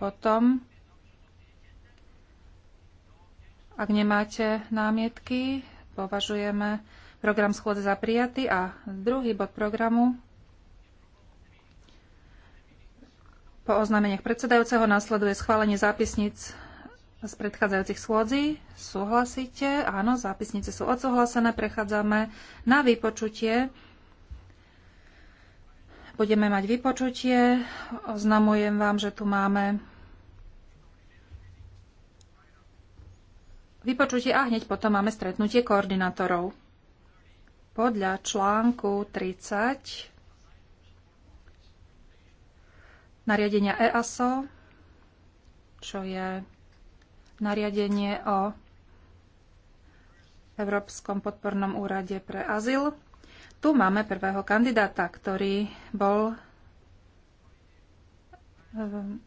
Potom, ak nemáte námietky, považujeme program schôdze za prijatý a druhý bod programu po oznámeniach predsedajúceho následuje schválenie zápisníc z predchádzajúcich schôdzí. Súhlasíte? Áno, zápisnice sú odsúhlasené. Prechádzame na vypočutie budeme mať vypočutie. Oznamujem vám, že tu máme vypočutie a hneď potom máme stretnutie koordinátorov. Podľa článku 30 nariadenia EASO, čo je nariadenie o Európskom podpornom úrade pre azyl, tu máme prvého kandidáta, ktorý bol ehm,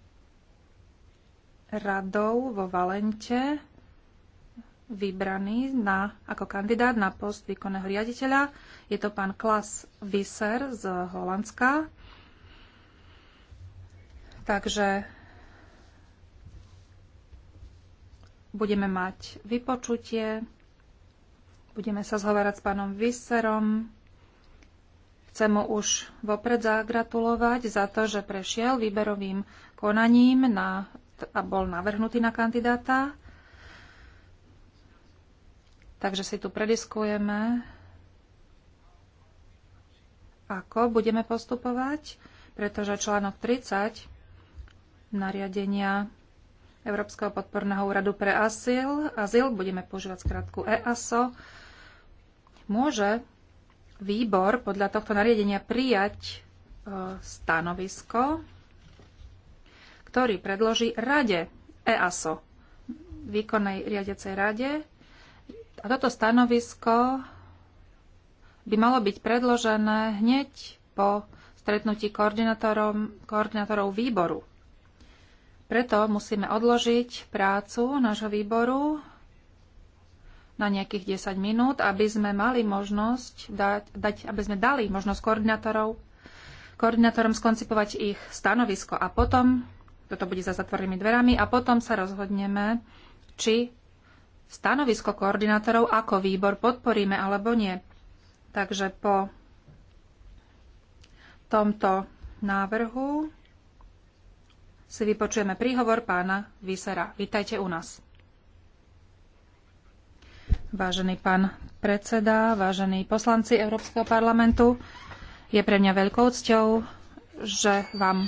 radou vo Valente vybraný na, ako kandidát na post výkonného riaditeľa. Je to pán Klas Visser z Holandska. Takže budeme mať vypočutie, budeme sa zhovárať s pánom Visserom, Chcem mu už vopred zagratulovať za to, že prešiel výberovým konaním na, a bol navrhnutý na kandidáta. Takže si tu prediskujeme, ako budeme postupovať, pretože článok 30 nariadenia Európskeho podporného úradu pre asyl, azyl budeme používať skrátku EASO, môže výbor podľa tohto nariadenia prijať e, stanovisko, ktorý predloží rade EASO, výkonnej riadecej rade. A toto stanovisko by malo byť predložené hneď po stretnutí koordinátorov výboru. Preto musíme odložiť prácu nášho výboru na nejakých 10 minút, aby sme mali možnosť dať, dať aby sme dali možnosť koordinátorov, koordinátorom skoncipovať ich stanovisko a potom, toto bude za zatvorenými dverami, a potom sa rozhodneme, či stanovisko koordinátorov ako výbor podporíme alebo nie. Takže po tomto návrhu si vypočujeme príhovor pána Vysera. Vítajte u nás. Vážený pán predseda, vážení poslanci Európskeho parlamentu, je pre mňa veľkou cťou, že vám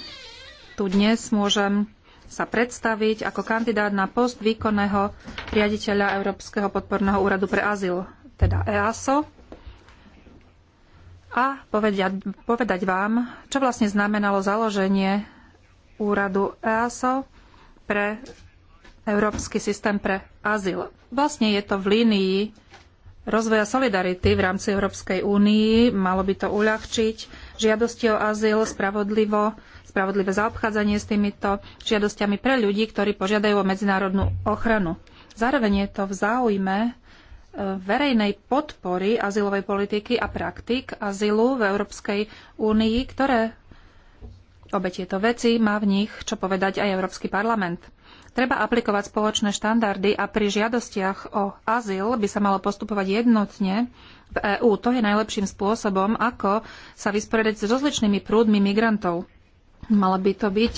tu dnes môžem sa predstaviť ako kandidát na post výkonného riaditeľa Európskeho podporného úradu pre azyl, teda EASO, a povedať, povedať vám, čo vlastne znamenalo založenie úradu EASO pre Európsky systém pre azyl. Vlastne je to v línii rozvoja solidarity v rámci Európskej únii. Malo by to uľahčiť žiadosti o azyl spravodlivo, spravodlivé zaobchádzanie s týmito žiadosťami pre ľudí, ktorí požiadajú o medzinárodnú ochranu. Zároveň je to v záujme e, verejnej podpory azylovej politiky a praktik azylu v Európskej únii, ktoré obe tieto veci má v nich čo povedať aj Európsky parlament. Treba aplikovať spoločné štandardy a pri žiadostiach o azyl by sa malo postupovať jednotne v EÚ. To je najlepším spôsobom, ako sa vysporiadať s rozličnými prúdmi migrantov. Malo by to byť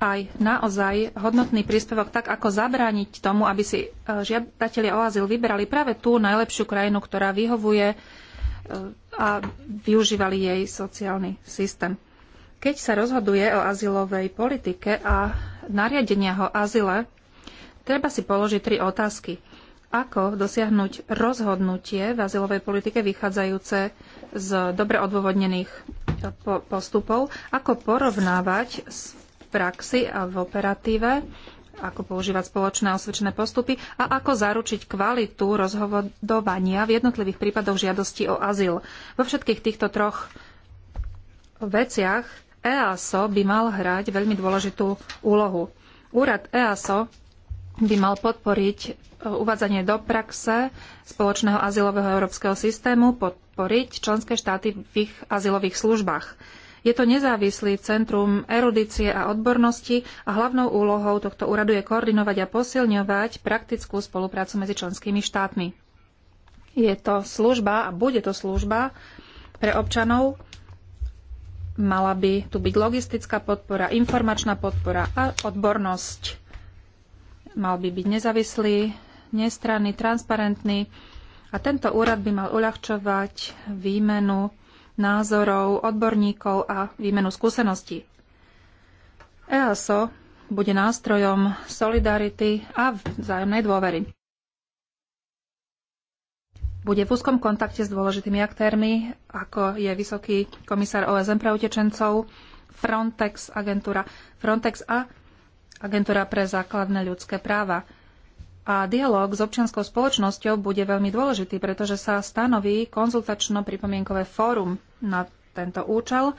aj naozaj hodnotný príspevok, tak ako zabrániť tomu, aby si e, žiadatelia o azyl vyberali práve tú najlepšiu krajinu, ktorá vyhovuje e, a využívali jej sociálny systém. Keď sa rozhoduje o azylovej politike a nariadenia o azyle, treba si položiť tri otázky. Ako dosiahnuť rozhodnutie v azylovej politike vychádzajúce z dobre odôvodnených eh, postupov? Ako porovnávať v praxi a v operatíve ako používať spoločné osvedčené postupy a ako zaručiť kvalitu rozhodovania v jednotlivých prípadoch žiadosti o azyl. Vo všetkých týchto troch veciach EASO by mal hrať veľmi dôležitú úlohu. Úrad EASO by mal podporiť e, uvádzanie do praxe spoločného azylového európskeho systému, podporiť členské štáty v ich azylových službách. Je to nezávislý centrum erudície a odbornosti a hlavnou úlohou tohto úradu je koordinovať a posilňovať praktickú spoluprácu medzi členskými štátmi. Je to služba a bude to služba pre občanov Mala by tu byť logistická podpora, informačná podpora a odbornosť. Mal by byť nezávislý, nestranný, transparentný a tento úrad by mal uľahčovať výmenu názorov odborníkov a výmenu skúseností. EASO bude nástrojom solidarity a vzájomnej dôvery bude v úzkom kontakte s dôležitými aktérmi, ako je vysoký komisár OSN pre utečencov, Frontex agentúra, Frontex a agentúra pre základné ľudské práva. A dialog s občianskou spoločnosťou bude veľmi dôležitý, pretože sa stanoví konzultačno-pripomienkové fórum na tento účel.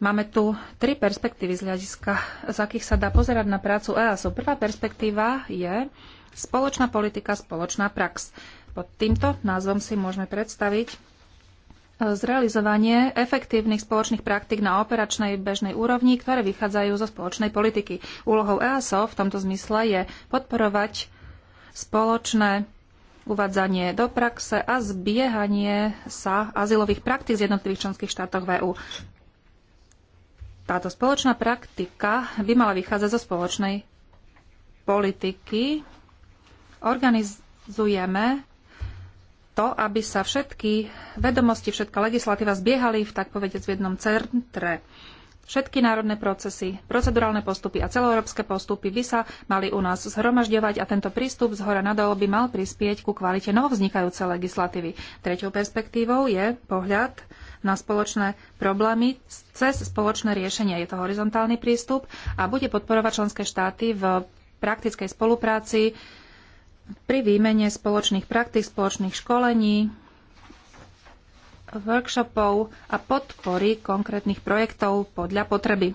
Máme tu tri perspektívy z hľadiska, z akých sa dá pozerať na prácu EASO. Prvá perspektíva je spoločná politika, spoločná prax. Pod týmto názvom si môžeme predstaviť e, zrealizovanie efektívnych spoločných praktik na operačnej bežnej úrovni, ktoré vychádzajú zo spoločnej politiky. Úlohou EASO v tomto zmysle je podporovať spoločné uvádzanie do praxe a zbiehanie sa azylových praktik z jednotlivých členských štátoch VÚ. E Táto spoločná praktika by mala vychádzať zo spoločnej politiky. Organizujeme to, aby sa všetky vedomosti, všetká legislatíva zbiehali v tak povediac v jednom centre. Všetky národné procesy, procedurálne postupy a celoeurópske postupy by sa mali u nás zhromažďovať a tento prístup z hora nadol by mal prispieť ku kvalite novovznikajúcej legislatívy. Treťou perspektívou je pohľad na spoločné problémy cez spoločné riešenie. Je to horizontálny prístup a bude podporovať členské štáty v praktickej spolupráci pri výmene spoločných praktik, spoločných školení, workshopov a podpory konkrétnych projektov podľa potreby.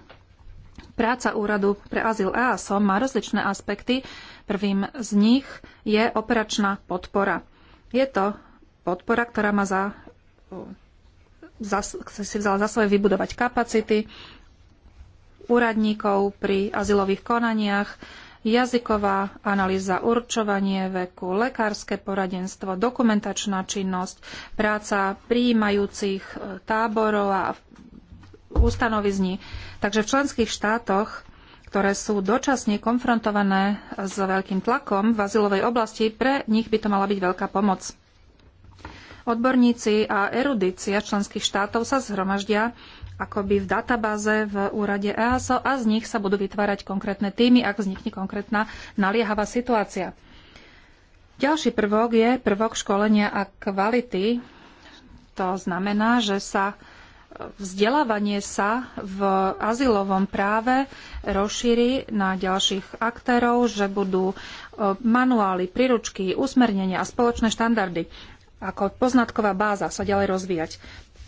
Práca úradu pre azyl EASO má rozličné aspekty. Prvým z nich je operačná podpora. Je to podpora, ktorá má za, za, si vzala za svoje vybudovať kapacity úradníkov pri azylových konaniach, jazyková analýza, určovanie veku, lekárske poradenstvo, dokumentačná činnosť, práca príjmajúcich e, táborov a ustanovizní. Takže v členských štátoch ktoré sú dočasne konfrontované s veľkým tlakom v azylovej oblasti, pre nich by to mala byť veľká pomoc. Odborníci a erudícia členských štátov sa zhromaždia akoby v databáze v úrade EASO a z nich sa budú vytvárať konkrétne týmy, ak vznikne konkrétna naliehavá situácia. Ďalší prvok je prvok školenia a kvality. To znamená, že sa vzdelávanie sa v azylovom práve rozšíri na ďalších aktérov, že budú e, manuály, príručky, usmernenia a spoločné štandardy ako poznatková báza sa ďalej rozvíjať.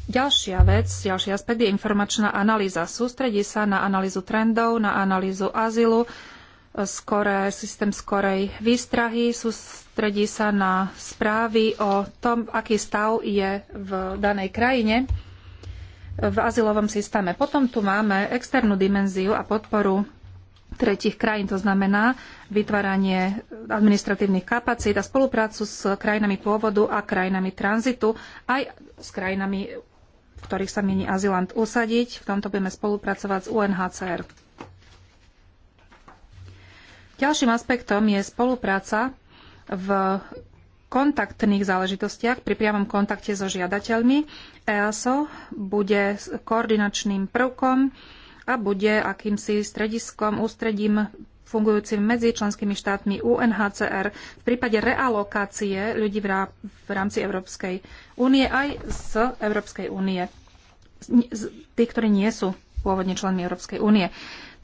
Ďalšia vec, ďalší aspekt je informačná analýza. Sústredí sa na analýzu trendov, na analýzu azylu, skoré, systém skorej výstrahy, sústredí sa na správy o tom, aký stav je v danej krajine v azylovom systéme. Potom tu máme externú dimenziu a podporu tretich krajín, to znamená vytváranie administratívnych kapacít a spoluprácu s krajinami pôvodu a krajinami tranzitu, aj s krajinami ktorých sa mieni azylant usadiť. V tomto budeme spolupracovať s UNHCR. Ďalším aspektom je spolupráca v kontaktných záležitostiach pri priamom kontakte so žiadateľmi. EASO bude koordinačným prvkom a bude akýmsi strediskom, ústredím fungujúcim medzi členskými štátmi UNHCR v prípade realokácie ľudí v rámci Európskej únie aj z Európskej únie. Tí, ktorí nie sú pôvodne členmi Európskej únie.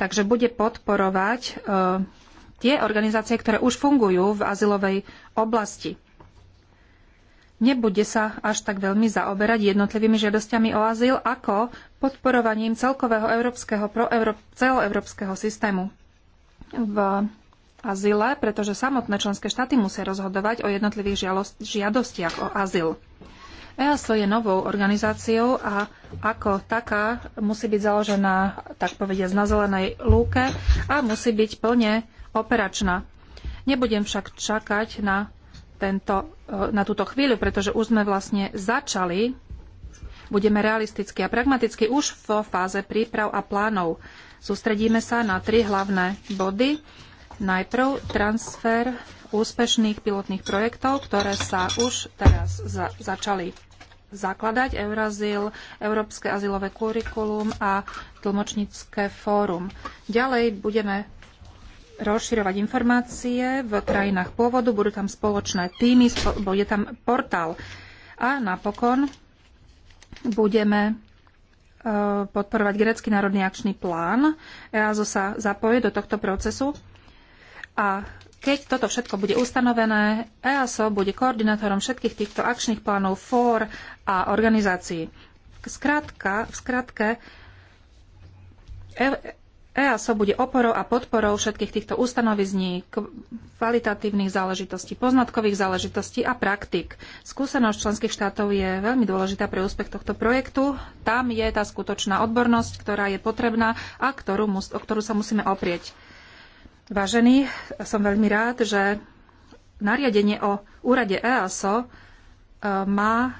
Takže bude podporovať e, tie organizácie, ktoré už fungujú v azylovej oblasti. Nebude sa až tak veľmi zaoberať jednotlivými žiadosťami o azyl, ako podporovaním celkového európskeho, pro celoeurópskeho systému v azyle, pretože samotné členské štáty musia rozhodovať o jednotlivých žiadostiach o azyl. EASO je novou organizáciou a ako taká musí byť založená, tak povediať, na zelenej lúke a musí byť plne operačná. Nebudem však čakať na, tento, eh, na túto chvíľu, pretože už sme vlastne začali. Budeme realistickí a pragmatickí už vo fáze príprav a plánov. Sústredíme sa na tri hlavné body. Najprv transfer úspešných pilotných projektov, ktoré sa už teraz za- začali zakladať Eurazil, Európske azylové kurikulum a tlmočnícke fórum. Ďalej budeme rozširovať informácie v krajinách pôvodu, budú tam spoločné týmy, bude tam portál. A napokon budeme E, podporovať grécky národný akčný plán. EASO sa zapojí do tohto procesu a keď toto všetko bude ustanovené, EASO bude koordinátorom všetkých týchto akčných plánov fór a organizácií. Skrátka, v skratke, e, EASO bude oporou a podporou všetkých týchto ustanovizní, kvalitatívnych záležitostí, poznatkových záležitostí a praktik. Skúsenosť členských štátov je veľmi dôležitá pre úspech tohto projektu. Tam je tá skutočná odbornosť, ktorá je potrebná a ktorú, o ktorú sa musíme oprieť. Vážený, som veľmi rád, že nariadenie o úrade EASO e, má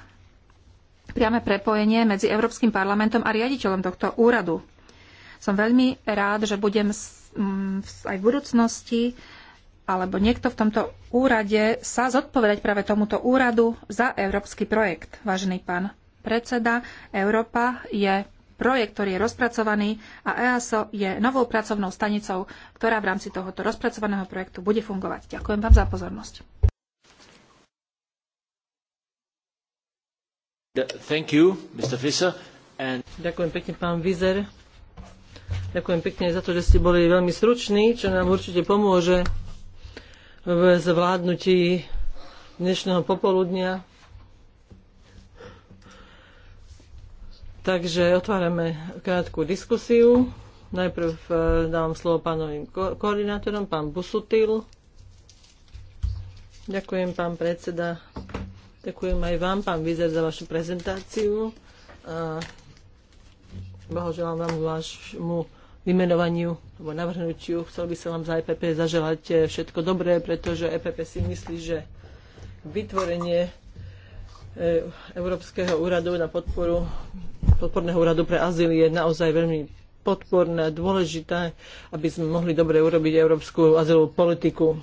priame prepojenie medzi Európskym parlamentom a riaditeľom tohto úradu. Som veľmi rád, že budem mm, aj v budúcnosti alebo niekto v tomto úrade sa zodpovedať práve tomuto úradu za európsky projekt. Vážený pán predseda, Európa je projekt, ktorý je rozpracovaný a EASO je novou pracovnou stanicou, ktorá v rámci tohoto rozpracovaného projektu bude fungovať. Ďakujem vám za pozornosť. You, And... Ďakujem pekne, pán Vizer. Ďakujem pekne za to, že ste boli veľmi struční, čo nám určite pomôže v zvládnutí dnešného popoludnia. Takže otvárame krátku diskusiu. Najprv eh, dávam slovo pánovým ko- koordinátorom, pán Busutil. Ďakujem, pán predseda. Ďakujem aj vám, pán Vizer, za vašu prezentáciu. A blahoželám vám vášmu vymenovaniu alebo navrhnutiu. Chcel by som vám za EPP zaželať eh, všetko dobré, pretože EPP si myslí, že vytvorenie eh, Európskeho úradu na podporu podporného úradu pre azyl je naozaj veľmi podporné, dôležité, aby sme mohli dobre urobiť európsku azylovú politiku.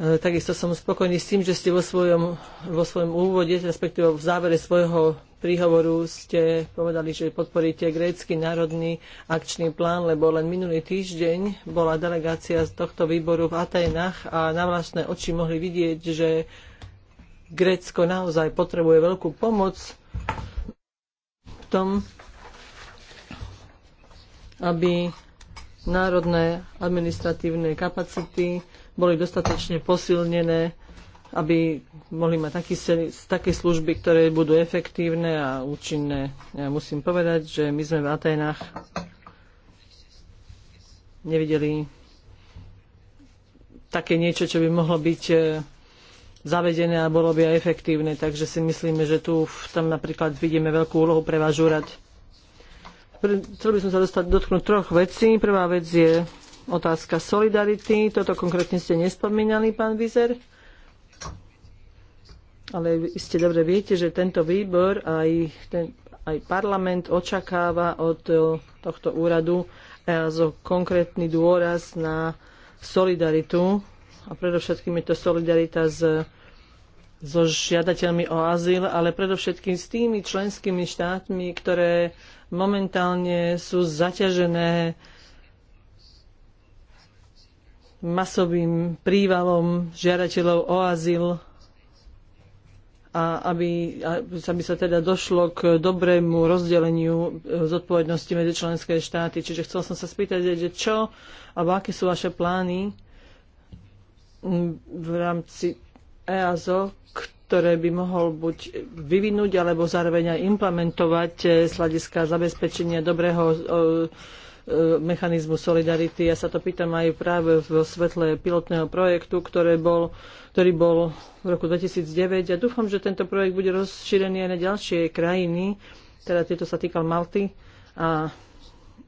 Eh, takisto som spokojný s tým, že ste vo svojom, vo svojom úvode, respektíve v závere svojho príhovoru ste povedali, že podporíte grécky národný akčný plán, lebo len minulý týždeň bola delegácia z tohto výboru v Atenách a na vlastné oči mohli vidieť, že Grécko naozaj potrebuje veľkú pomoc v tom, aby národné administratívne kapacity boli dostatočne posilnené aby mohli mať taký, také služby, ktoré budú efektívne a účinné. Ja musím povedať, že my sme v Atenách nevideli také niečo, čo by mohlo byť e, zavedené a bolo by aj efektívne. Takže si myslíme, že tu tam napríklad vidíme veľkú úlohu pre váš úrad. Chcel by som sa dostať, dotknúť troch vecí. Prvá vec je otázka solidarity. Toto konkrétne ste nespomínali, pán Vizer ale iste dobre viete, že tento výbor aj, ten, aj parlament očakáva od e, tohto úradu e, zo konkrétny dôraz na solidaritu a predovšetkým je to solidarita s so žiadateľmi o azyl, ale predovšetkým s tými členskými štátmi, ktoré momentálne sú zaťažené masovým prívalom žiadateľov o azyl a aby, aby sa teda došlo k dobrému rozdeleniu e, zodpovednosti medzi členské štáty. Čiže chcel som sa spýtať, že čo alebo aké sú vaše plány v rámci EASO, ktoré by mohol buď vyvinúť alebo zároveň aj implementovať e, z hľadiska zabezpečenia dobrého E, mechanizmu solidarity. Ja sa to pýtam aj práve vo svetle pilotného projektu, ktoré bol, ktorý bol v roku 2009 a ja dúfam, že tento projekt bude rozšírený aj na ďalšie krajiny, teda tieto sa týkal Malty a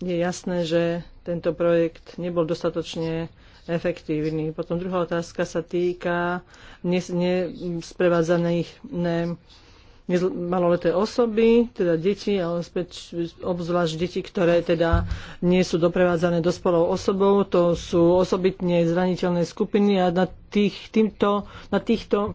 je jasné, že tento projekt nebol dostatočne efektívny. Potom druhá otázka sa týka nesprevádzaných ne, maloleté osoby, teda deti, ale späť, obzvlášť deti, ktoré teda nie sú doprevádzané dospelou osobou, to sú osobitne zraniteľné skupiny a na, tých, týmto, na týchto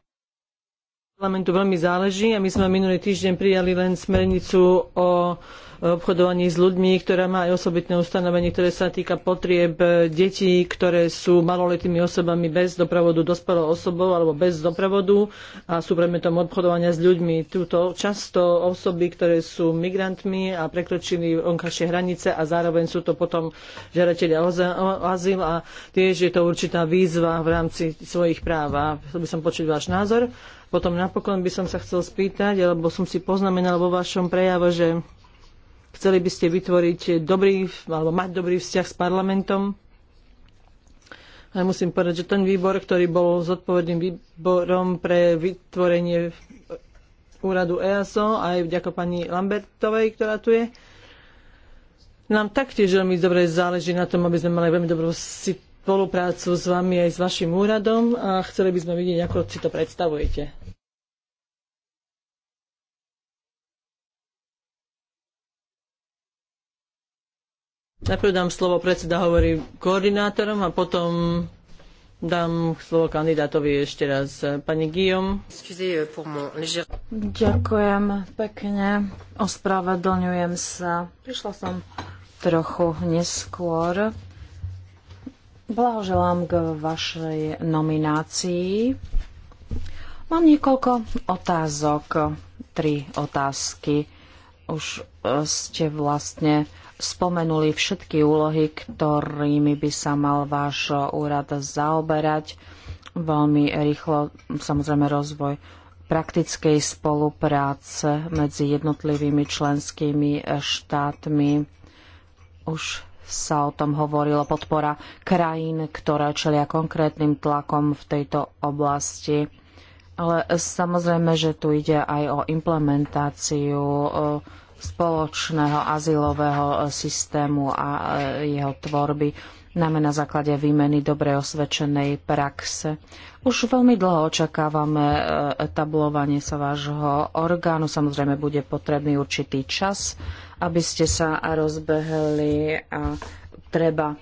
parlamentu veľmi záleží a my sme minulý týždeň prijali len smernicu o obchodovaní s ľuďmi, ktorá má aj osobitné ustanovenie, ktoré sa týka potrieb detí, ktoré sú maloletými osobami bez doprovodu dospelou osobou alebo bez doprovodu a sú predmetom obchodovania s ľuďmi. túto často osoby, ktoré sú migrantmi a prekročili onkašie hranice a zároveň sú to potom žiadatelia o azyl a tiež je to určitá výzva v rámci svojich práv. A chcel by som počuť váš názor. Potom napokon by som sa chcel spýtať, alebo som si poznamenal vo vašom prejave, že chceli by ste vytvoriť dobrý, alebo mať dobrý vzťah s parlamentom. A musím povedať, že ten výbor, ktorý bol zodpovedným výborom pre vytvorenie úradu EASO, aj vďaka pani Lambertovej, ktorá tu je, nám taktiež veľmi dobre záleží na tom, aby sme mali veľmi dobrú si spoluprácu s vami aj s vašim úradom a chceli by sme vidieť, ako si to predstavujete. Najprv dám slovo predseda hovorí koordinátorom a potom dám slovo kandidátovi ešte raz. Pani Guillaume. Ďakujem pekne. Ospravedlňujem sa. Prišla som trochu neskôr. Blahoželám k vašej nominácii. Mám niekoľko otázok, tri otázky. Už e, ste vlastne spomenuli všetky úlohy, ktorými by sa mal váš úrad zaoberať. Veľmi rýchlo, samozrejme, rozvoj praktickej spolupráce medzi jednotlivými členskými štátmi. Už sa o tom hovorilo, podpora krajín, ktoré čelia konkrétnym tlakom v tejto oblasti. Ale samozrejme, že tu ide aj o implementáciu e, spoločného azylového e, systému a e, jeho tvorby, najmä na základe výmeny dobre osvedčenej praxe. Už veľmi dlho očakávame etablovanie sa vášho orgánu. Samozrejme, bude potrebný určitý čas aby ste sa rozbehli a treba e,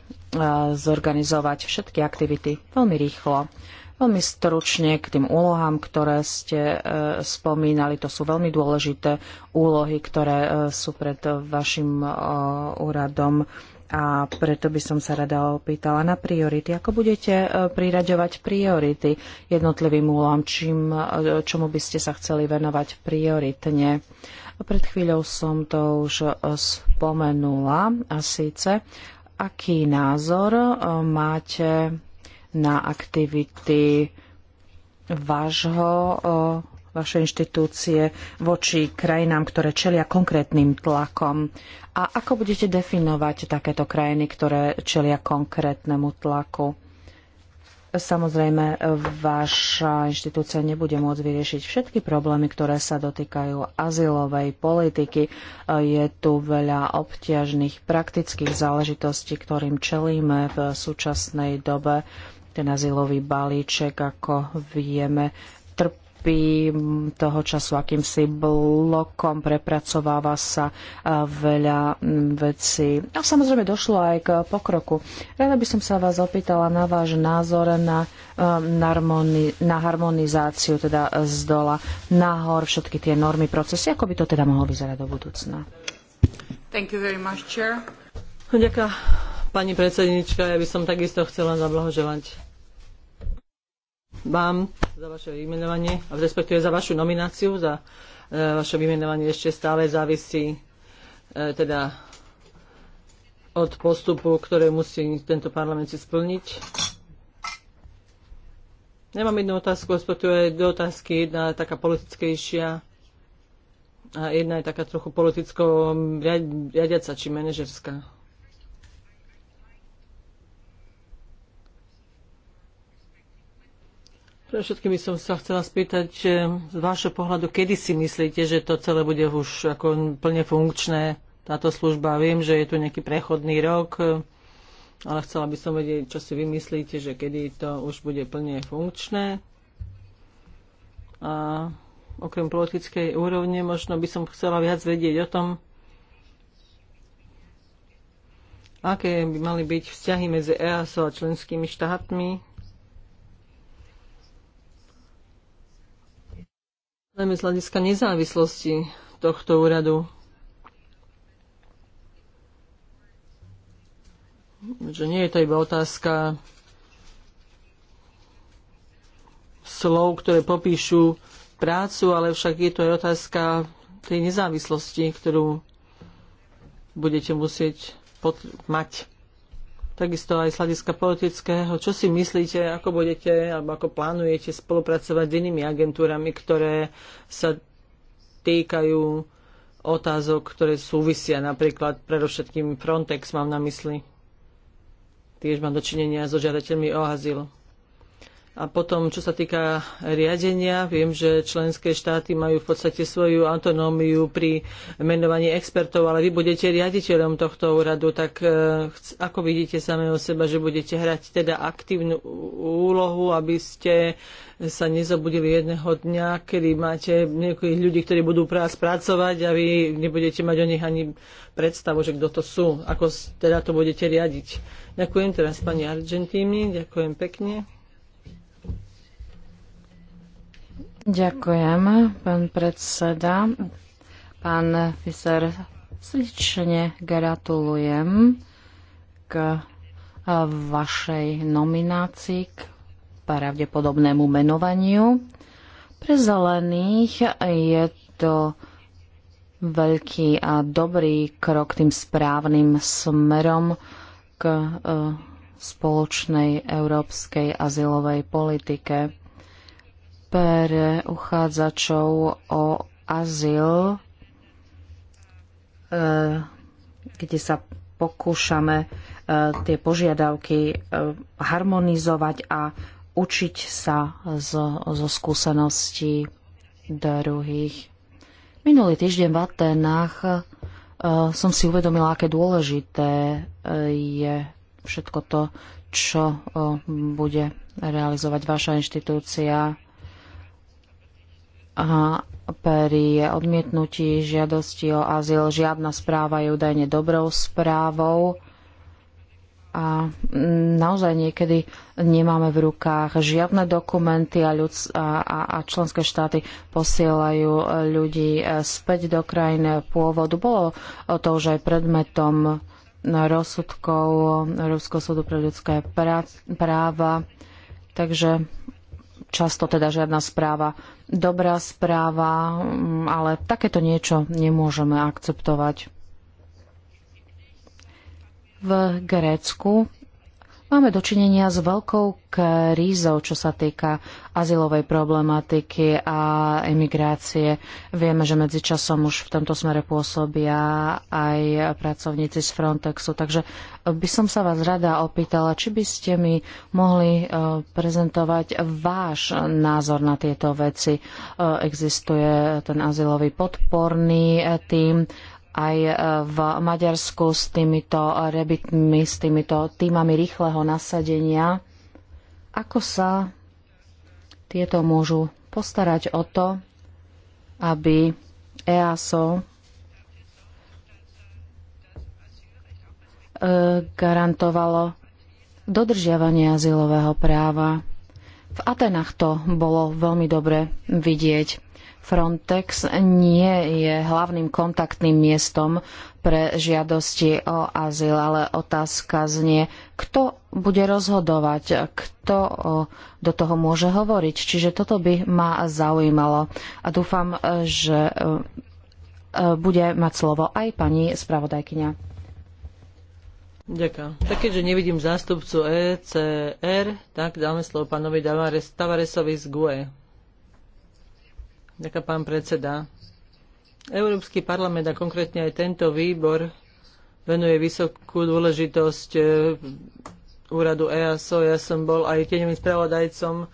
zorganizovať všetky aktivity veľmi rýchlo. Veľmi stručne k tým úlohám, ktoré ste e, spomínali, to sú veľmi dôležité úlohy, ktoré e, sú pred vašim úradom a preto by som sa rada opýtala na priority. Ako budete priraďovať priority jednotlivým úlohám, čomu by ste sa chceli venovať prioritne? Pred chvíľou som to už e, spomenula a síce, aký názor e, máte na aktivity vášho, e, vašej inštitúcie voči krajinám, ktoré čelia konkrétnym tlakom. A ako budete definovať takéto krajiny, ktoré čelia konkrétnemu tlaku? Samozrejme, vaša inštitúcia nebude môcť vyriešiť všetky problémy, ktoré sa dotýkajú azylovej politiky. Je tu veľa obťažných praktických záležitostí, ktorým čelíme v súčasnej dobe. Ten azylový balíček, ako vieme, trpí toho času akýmsi blokom, prepracováva sa veľa vecí. A samozrejme došlo aj k pokroku. Rada by som sa vás opýtala na váš názor na, na harmonizáciu teda z dola nahor, všetky tie normy, procesy, ako by to teda mohlo vyzerať do budúcna. Thank you very much, chair. Ďakujem, pani predsednička, ja by som takisto chcela zablahoželať vám za vaše vymenovanie, respektíve za vašu nomináciu, za e, vaše vymenovanie ešte stále závisí e, teda od postupu, ktoré musí tento parlament si splniť. Nemám jednu otázku, respektíve dve otázky, jedna taká politickejšia a jedna je taká trochu politicko riadiaca či manažerská. Pre by som sa chcela spýtať, z vášho pohľadu, kedy si myslíte, že to celé bude už ako plne funkčné, táto služba? Viem, že je tu nejaký prechodný rok, ale chcela by som vedieť, čo si vymyslíte, že kedy to už bude plne funkčné. A okrem politickej úrovne, možno by som chcela viac vedieť o tom, aké by mali byť vzťahy medzi EASO a členskými štátmi, najmä z hľadiska nezávislosti tohto úradu. Že nie je to iba otázka slov, ktoré popíšu prácu, ale však je to aj otázka tej nezávislosti, ktorú budete musieť mať takisto aj z hľadiska politického. Čo si myslíte, ako budete alebo ako plánujete spolupracovať s inými agentúrami, ktoré sa týkajú otázok, ktoré súvisia napríklad predovšetkým Frontex, mám na mysli. Tiež mám dočinenia so žiadateľmi o azyl. A potom, čo sa týka riadenia, viem, že členské štáty majú v podstate svoju autonómiu pri menovaní expertov, ale vy budete riaditeľom tohto úradu, tak e, ako vidíte samého seba, že budete hrať teda aktívnu úlohu, aby ste sa nezabudili jedného dňa, kedy máte nejakých ľudí, ktorí budú pre vás pracovať a vy nebudete mať o nich ani predstavu, že kto to sú, ako teda to budete riadiť. Ďakujem teraz pani Argentíny, ďakujem pekne. Ďakujem, pán predseda. Pán Fiser, srdečne gratulujem k e, vašej nominácii k pravdepodobnému menovaniu. Pre zelených je to veľký a dobrý krok tým správnym smerom k e, spoločnej európskej azylovej politike pre uchádzačov o azyl, e, kde sa pokúšame e, tie požiadavky e, harmonizovať a učiť sa zo, zo skúseností druhých. Minulý týždeň v Atenách som si uvedomila, aké dôležité je všetko to, čo bude realizovať vaša inštitúcia. Aha, pri odmietnutí žiadosti o azyl žiadna správa je údajne dobrou správou a naozaj niekedy nemáme v rukách žiadne dokumenty a, ľud, a, a členské štáty posielajú ľudí e, späť do krajiny pôvodu. Bolo to už aj predmetom rozsudkov Európskeho súdu pre ľudské práva, takže často teda žiadna správa dobrá správa, mm, ale takéto niečo nemôžeme akceptovať. V Grécku Máme dočinenia s veľkou krízou, čo sa týka azylovej problematiky a imigrácie. Vieme, že medzičasom už v tomto smere pôsobia aj pracovníci z Frontexu. Takže by som sa vás rada opýtala, či by ste mi mohli e, prezentovať váš názor na tieto veci. E, existuje ten azylový podporný e, tým, aj e, v Maďarsku s týmito rebitmi, s týmito týmami rýchleho nasadenia. Ako sa tieto môžu postarať o to, aby EASO e, garantovalo dodržiavanie azylového práva. V Atenách to bolo veľmi dobre vidieť. Frontex nie je hlavným kontaktným miestom pre žiadosti o azyl, ale otázka znie, kto bude rozhodovať, kto do toho môže hovoriť. Čiže toto by ma zaujímalo. A dúfam, že bude mať slovo aj pani spravodajkyňa. Ďakujem. Tak keďže nevidím zástupcu ECR, tak dáme slovo pánovi Tavaresovi z GUE. Ďakujem, pán predseda. Európsky parlament a konkrétne aj tento výbor venuje vysokú dôležitosť e, úradu EASO. Ja som bol aj tieňovým spravodajcom e,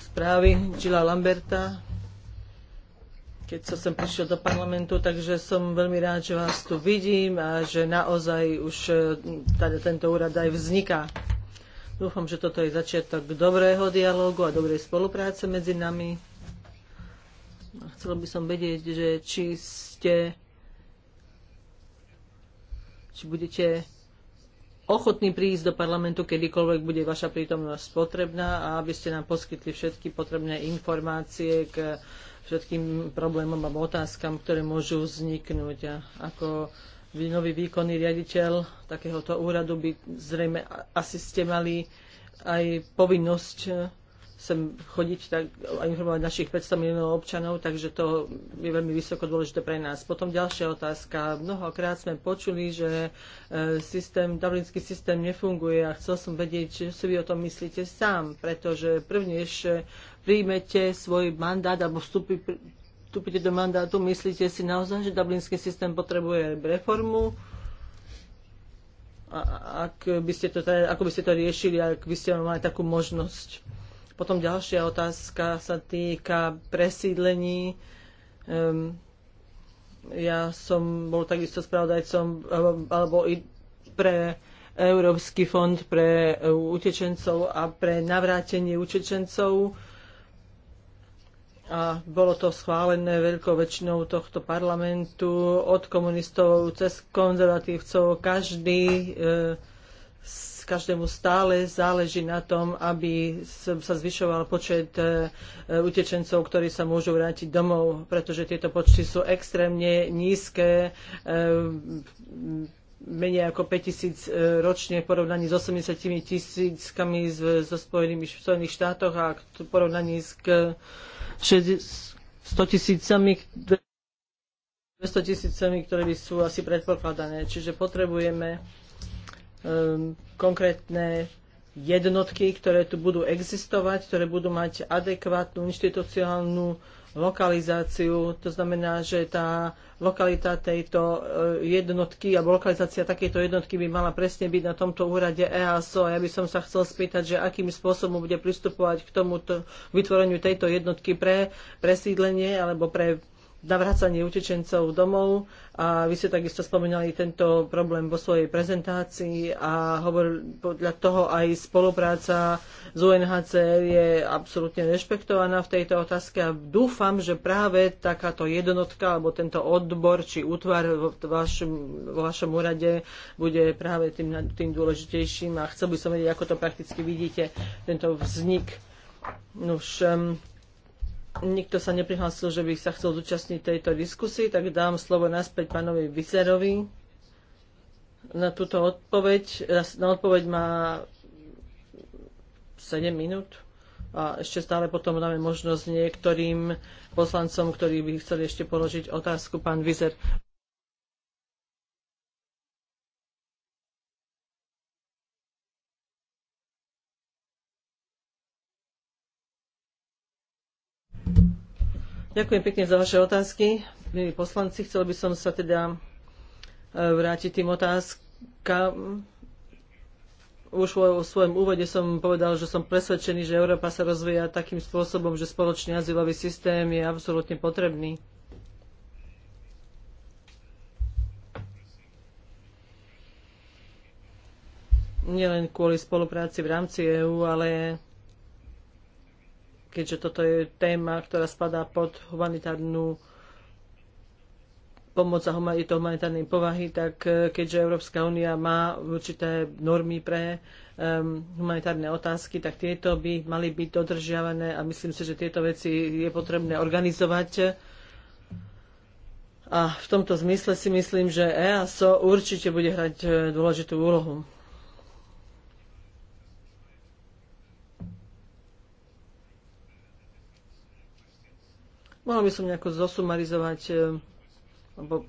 správy Gila Lamberta, keď som sem prišiel do parlamentu, takže som veľmi rád, že vás tu vidím a že naozaj už teda tento úrad aj vzniká. Dúfam, že toto je začiatok dobrého dialógu a dobrej spolupráce medzi nami. Chcela by som vedieť, že či ste či budete ochotní prísť do parlamentu, kedykoľvek bude vaša prítomnosť potrebná a aby ste nám poskytli všetky potrebné informácie k všetkým problémom a otázkam, ktoré môžu vzniknúť. A ako nový výkonný riaditeľ takéhoto úradu by zrejme asi ste mali aj povinnosť sem chodiť tak, a informovať našich 500 miliónov občanov, takže to je veľmi vysoko dôležité pre nás. Potom ďalšia otázka. Mnohokrát sme počuli, že e, systém, dublinský systém nefunguje a chcel som vedieť, čo si vy o tom myslíte sám, pretože prvnež príjmete svoj mandát alebo vstupy, vstúpite do mandátu, myslíte si naozaj, že dublinský systém potrebuje reformu? A ak by ste to, teda, ako by ste to riešili, ak by ste mali takú možnosť? Potom ďalšia otázka sa týka presídlení. Um, ja som bol takisto spravodajcom alebo i pre Európsky fond pre e, utečencov a pre navrátenie utečencov. A bolo to schválené veľkou väčšinou tohto parlamentu, od komunistov cez konzervatívcov. Každý e, každému stále záleží na tom, aby sa zvyšoval počet e, e, utečencov, ktorí sa môžu vrátiť domov, pretože tieto počty sú extrémne nízke e, menej ako 5000 ročne v porovnaní s 80 tisíckami zo Spojenými Spojených štátoch a v porovnaní s 100 tisícami 200 tisícami, ktoré by sú asi predpokladané. Čiže potrebujeme Ehm, konkrétne jednotky, ktoré tu budú existovať, ktoré budú mať adekvátnu inštitucionálnu lokalizáciu. To znamená, že tá lokalita tejto e, jednotky alebo lokalizácia takejto jednotky by mala presne byť na tomto úrade EASO. Ja by som sa chcel spýtať, že akým spôsobom bude pristupovať k tomuto vytvoreniu tejto jednotky pre presídlenie alebo pre navracanie utečencov domov. A vy ste takisto spomínali tento problém vo svojej prezentácii a hovor, podľa toho aj spolupráca z UNHCR je absolútne rešpektovaná v tejto otázke a dúfam, že práve takáto jednotka alebo tento odbor či útvar vo vašom, vo vašom úrade bude práve tým, tým dôležitejším a chcel by som vedieť, ako to prakticky vidíte, tento vznik. No, Nikto sa neprihlásil, že by sa chcel zúčastniť tejto diskusii, tak dám slovo naspäť pánovi Vicerovi. Na túto odpoveď, na odpoveď má 7 minút a ešte stále potom dáme možnosť niektorým poslancom, ktorí by chceli ešte položiť otázku. Pán Vizer. Ďakujem pekne za vaše otázky. Milí poslanci, chcel by som sa teda e, vrátiť tým otázkam. Už vo svojom úvode som povedal, že som presvedčený, že Európa sa rozvíja takým spôsobom, že spoločný azylový systém je absolútne potrebný. nielen kvôli spolupráci v rámci EÚ, ale keďže toto je téma, ktorá spadá pod humanitárnu pomoc a je to humanitárnej povahy, tak eh, keďže Európska únia má určité normy pre um, humanitárne otázky, tak tieto by mali byť dodržiavané a myslím si, že tieto veci je potrebné organizovať. A v tomto zmysle si myslím, že EASO určite bude hrať eh, dôležitú úlohu. Mohol by som nejako zosumarizovať e, alebo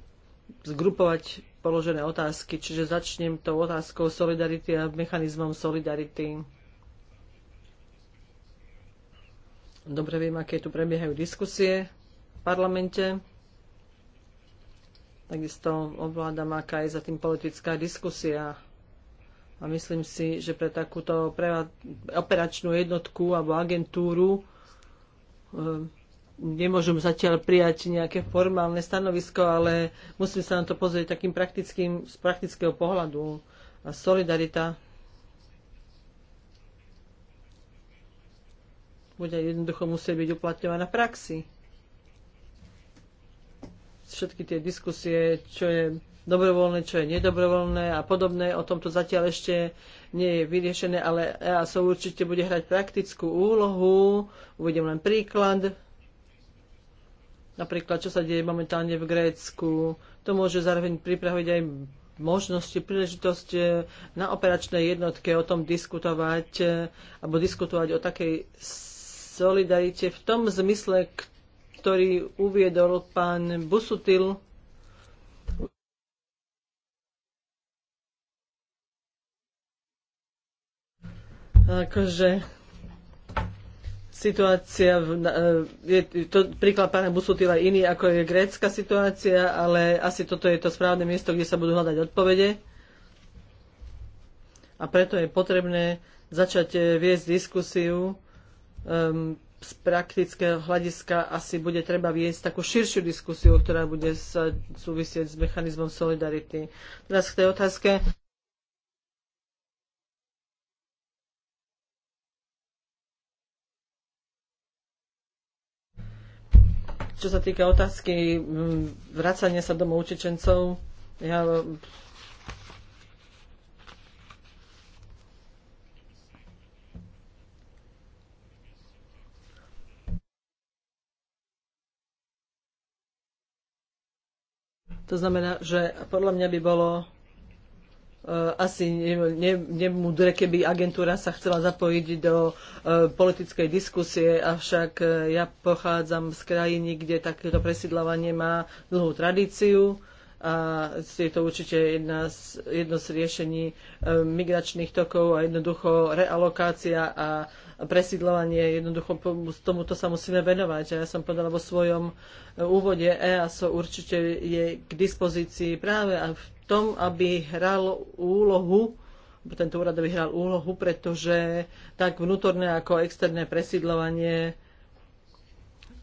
zgrupovať položené otázky, čiže začnem tou otázkou solidarity a mechanizmom solidarity. Dobre viem, aké tu prebiehajú diskusie v parlamente. Takisto ovládam, aká je za tým politická diskusia. A myslím si, že pre takúto operačnú jednotku alebo agentúru e, nemôžem zatiaľ prijať nejaké formálne stanovisko, ale musím sa na to pozrieť takým praktickým, z praktického pohľadu. A solidarita bude jednoducho musieť byť uplatňovaná v praxi. Všetky tie diskusie, čo je dobrovoľné, čo je nedobrovoľné a podobné. O tomto zatiaľ ešte nie je vyriešené, ale EASO určite bude hrať praktickú úlohu. Uvedem len príklad napríklad čo sa deje momentálne v Grécku. To môže zároveň pripraviť aj možnosti, príležitosť na operačnej jednotke o tom diskutovať e, alebo diskutovať o takej solidarite v tom zmysle, ktorý uviedol pán Busutil. Akože situácia, e, je to príklad pána Busutila iný, ako je grécka situácia, ale asi toto je to správne miesto, kde sa budú hľadať odpovede. A preto je potrebné začať e, viesť diskusiu. Um, z praktického hľadiska asi bude treba viesť takú širšiu diskusiu, ktorá bude sa súvisieť s mechanizmom solidarity. Teraz k tej otázke. Čo sa týka otázky mm, vracania sa domov utečencov, ja To znamená, že podľa mňa by bolo Eh, asi nemudre, keby agentúra sa chcela zapojiť do eh, politickej diskusie, avšak eh, ja pochádzam z krajiny, kde takéto presidľovanie má dlhú tradíciu a je to určite jedna z, jedno z riešení migračných tokov a jednoducho realokácia a presídľovanie, jednoducho tomuto sa musíme venovať. A ja som povedala vo svojom úvode, EASO určite je k dispozícii práve a v tom, aby hral úlohu tento úrad aby hral úlohu, pretože tak vnútorné ako externé presídľovanie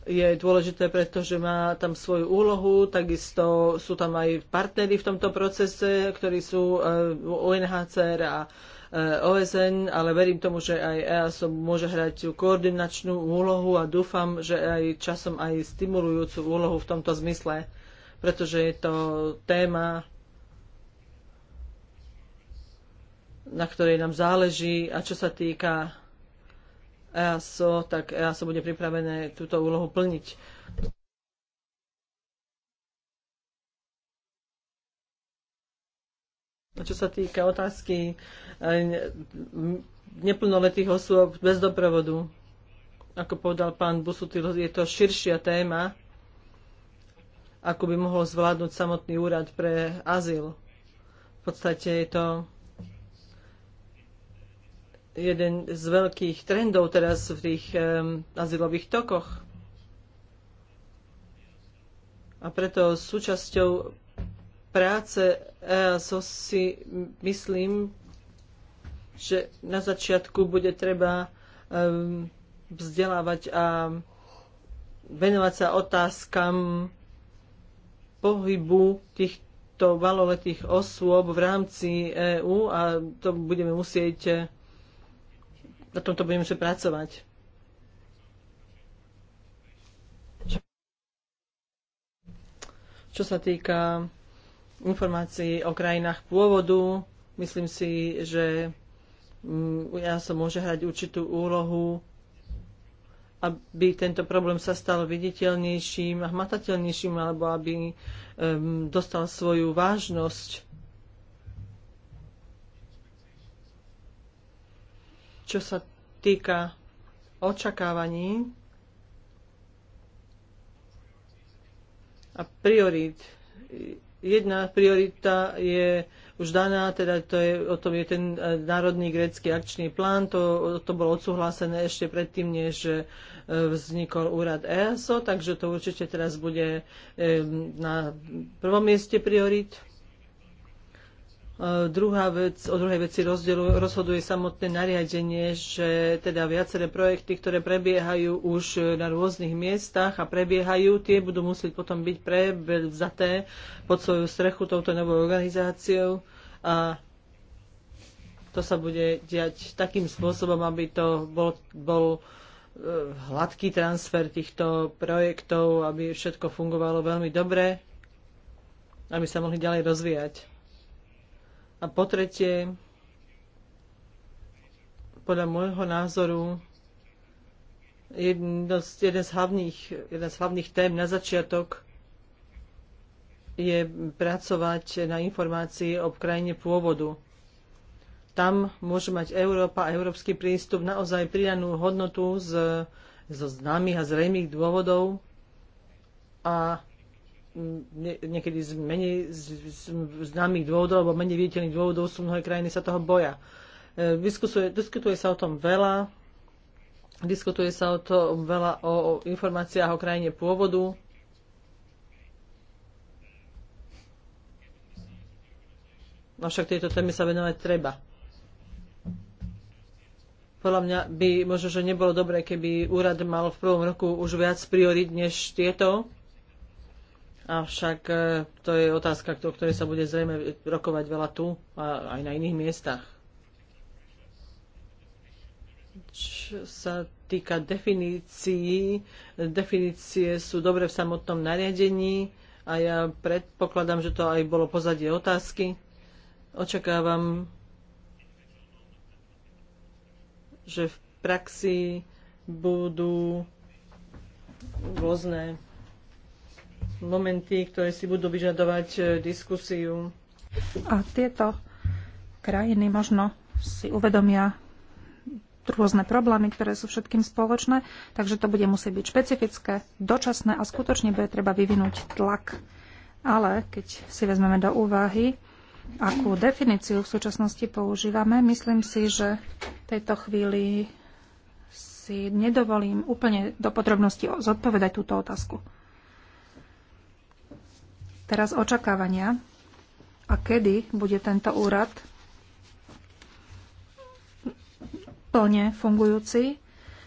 je dôležité, pretože má tam svoju úlohu, takisto sú tam aj partnery v tomto procese, ktorí sú eh, UNHCR a eh, OSN, ale verím tomu, že aj EASO môže hrať koordinačnú úlohu a dúfam, že aj časom aj stimulujúcu úlohu v tomto zmysle, pretože je to téma, na ktorej nám záleží. A čo sa týka EASO, tak EASO bude pripravené túto úlohu plniť. Čo sa týka otázky e, neplnoletých osôb bez doprovodu, ako povedal pán Busutil, je to širšia téma, ako by mohol zvládnuť samotný úrad pre azyl. V podstate je to jeden z veľkých trendov teraz v tých um, azylových tokoch. A preto súčasťou práce EASO si myslím, že na začiatku bude treba um, vzdelávať a venovať sa otázkam pohybu týchto valoletých osôb v rámci EÚ a to budeme musieť na tomto budeme pracovať. Čo sa týka informácií o krajinách pôvodu, myslím si, že mm, ja som môže hrať určitú úlohu, aby tento problém sa stal viditeľnejším a hmatateľnejším, alebo aby um, dostal svoju vážnosť Čo sa týka očakávaní a priorít. Jedna priorita je už daná, teda to je, o tom je ten e, národný grécky akčný plán, to, to bolo odsúhlasené ešte predtým, než e, vznikol úrad EASO, takže to určite teraz bude e, na prvom mieste priorit. E, druhá vec, o druhej veci rozdielu rozhoduje samotné nariadenie, že teda viaceré projekty, ktoré prebiehajú už na rôznych miestach a prebiehajú, tie budú musieť potom byť prevzaté pod svoju strechu touto novou organizáciou a to sa bude diať takým spôsobom, aby to bol, bol e, hladký transfer týchto projektov, aby všetko fungovalo veľmi dobre, aby sa mohli ďalej rozvíjať. A po tretie, podľa môjho názoru, jedno z, jeden z, hlavných, jeden z hlavných tém na začiatok je pracovať na informácii o krajine pôvodu. Tam môže mať Európa a európsky prístup naozaj pridanú hodnotu z, zo známych a zrejmých dôvodov a niekedy z menej známych dôvodov alebo menej viditeľných dôvodov sú mnohé krajiny sa toho boja. E, diskusuje, diskutuje sa o tom veľa, diskutuje sa o to veľa o, o informáciách o krajine pôvodu. Avšak no tejto téme sa venovať treba. Podľa mňa by možno, že nebolo dobré, keby úrad mal v prvom roku už viac priorit než tieto, Avšak e, to je otázka, o ktorej sa bude zrejme rokovať veľa tu a aj na iných miestach. Čo sa týka definícií, definície sú dobre v samotnom nariadení a ja predpokladám, že to aj bolo pozadie otázky. Očakávam, že v praxi budú rôzne momenty, ktoré si budú vyžadovať e, diskusiu. A tieto krajiny možno si uvedomia rôzne problémy, ktoré sú všetkým spoločné, takže to bude musieť byť špecifické, dočasné a skutočne bude treba vyvinúť tlak. Ale keď si vezmeme do úvahy, akú definíciu v súčasnosti používame, myslím si, že v tejto chvíli si nedovolím úplne do podrobnosti zodpovedať túto otázku. Teraz očakávania. A kedy bude tento úrad plne fungujúci?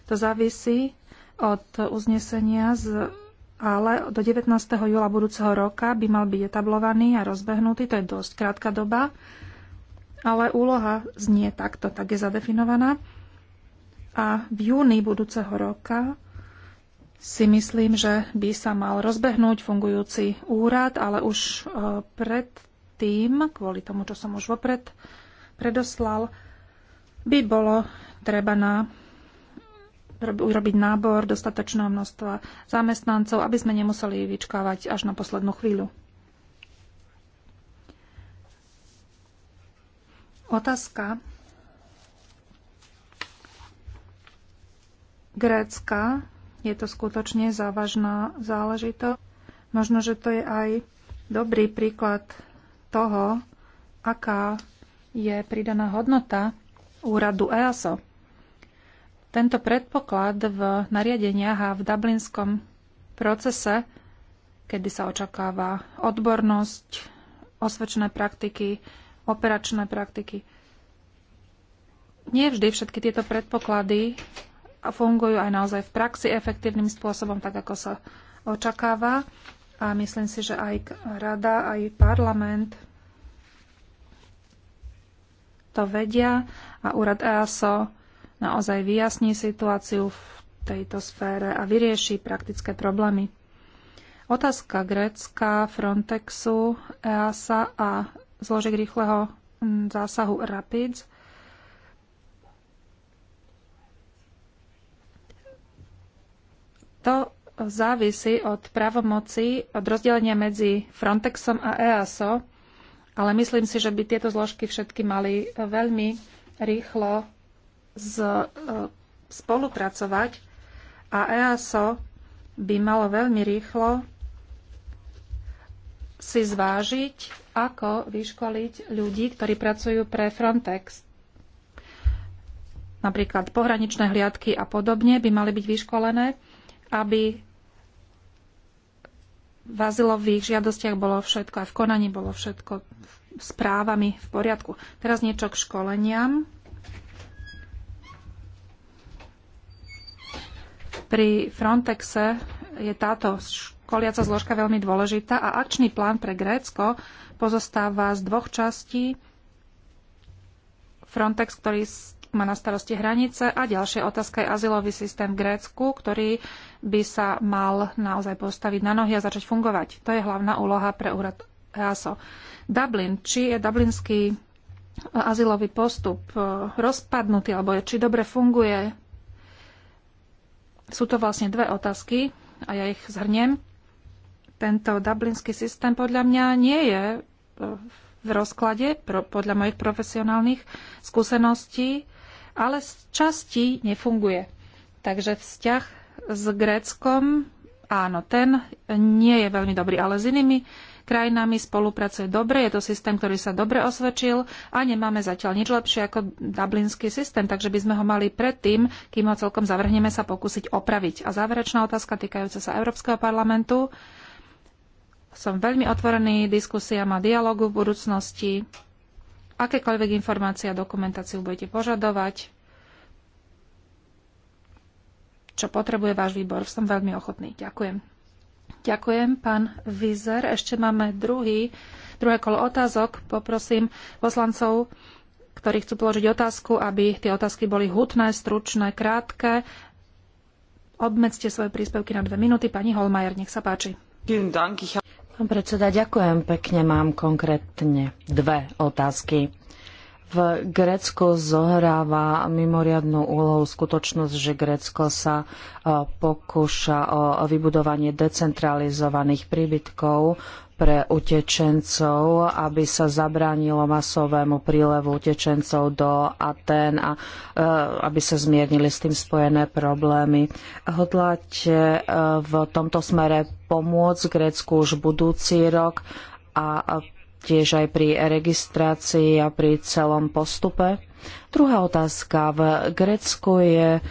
To závisí od uznesenia z ale do 19. júla budúceho roka by mal byť etablovaný a rozbehnutý, to je dosť krátka doba, ale úloha znie takto, tak je zadefinovaná. A v júni budúceho roka si myslím, že by sa mal rozbehnúť fungujúci úrad, ale už e, predtým, kvôli tomu, čo som už vopred predoslal, by bolo treba na urobiť nábor dostatočného množstva zamestnancov, aby sme nemuseli vyčkávať až na poslednú chvíľu. Otázka Grécka je to skutočne závažná záležitosť. Možno, že to je aj dobrý príklad toho, aká je pridaná hodnota úradu EASO. Tento predpoklad v nariadeniach a v dublinskom procese, kedy sa očakáva odbornosť, osvedčené praktiky, operačné praktiky. Nie vždy všetky tieto predpoklady fungujú aj naozaj v praxi efektívnym spôsobom, tak ako sa očakáva. A myslím si, že aj rada, aj parlament to vedia a úrad EASO naozaj vyjasní situáciu v tejto sfére a vyrieši praktické problémy. Otázka Grécka, Frontexu, EASA a zložiek rýchleho zásahu Rapids – To závisí od pravomoci, od rozdelenia medzi Frontexom a EASO, ale myslím si, že by tieto zložky všetky mali veľmi rýchlo z, e, spolupracovať a EASO by malo veľmi rýchlo si zvážiť, ako vyškoliť ľudí, ktorí pracujú pre Frontex. Napríklad pohraničné hliadky a podobne by mali byť vyškolené aby v azylových žiadostiach bolo všetko, aj v konaní bolo všetko s právami v poriadku. Teraz niečo k školeniam. Pri Frontexe je táto školiaca zložka veľmi dôležitá a akčný plán pre Grécko pozostáva z dvoch častí. Frontex, ktorý má na starosti hranice a ďalšia otázka je azylový systém v Grécku, ktorý by sa mal naozaj postaviť na nohy a začať fungovať. To je hlavná úloha pre úrad EASO. Dublin, či je dublinský e, azylový postup e, rozpadnutý, alebo či dobre funguje, sú to vlastne dve otázky a ja ich zhrniem. Tento dublinský systém podľa mňa nie je e, v rozklade, podľa mojich profesionálnych skúseností, ale z časti nefunguje. Takže vzťah s Gréckom, áno, ten nie je veľmi dobrý, ale s inými krajinami spolupracuje dobre, je to systém, ktorý sa dobre osvedčil a nemáme zatiaľ nič lepšie ako dublinský systém, takže by sme ho mali predtým, kým ho celkom zavrhneme, sa pokúsiť opraviť. A záverečná otázka týkajúca sa Európskeho parlamentu. Som veľmi otvorený diskusiám a dialogu v budúcnosti akékoľvek informácie a dokumentáciu budete požadovať, čo potrebuje váš výbor. Som veľmi ochotný. Ďakujem. Ďakujem, pán Vizer. Ešte máme druhý, druhé kolo otázok. Poprosím poslancov, ktorí chcú položiť otázku, aby tie otázky boli hutné, stručné, krátke. Obmedzte svoje príspevky na dve minúty. Pani Holmajer, nech sa páči. Pán predseda, ďakujem pekne. Mám konkrétne dve otázky. V Grécku zohráva mimoriadnú úlohu skutočnosť, že Grécko sa e, pokúša o vybudovanie decentralizovaných príbytkov pre utečencov, aby sa zabránilo masovému prílevu utečencov do Aten a e, aby sa zmiernili s tým spojené problémy. Hodláte e, v tomto smere pomôcť Grécku už budúci rok a tiež aj pri registrácii a pri celom postupe? Druhá otázka. V Grécku je e,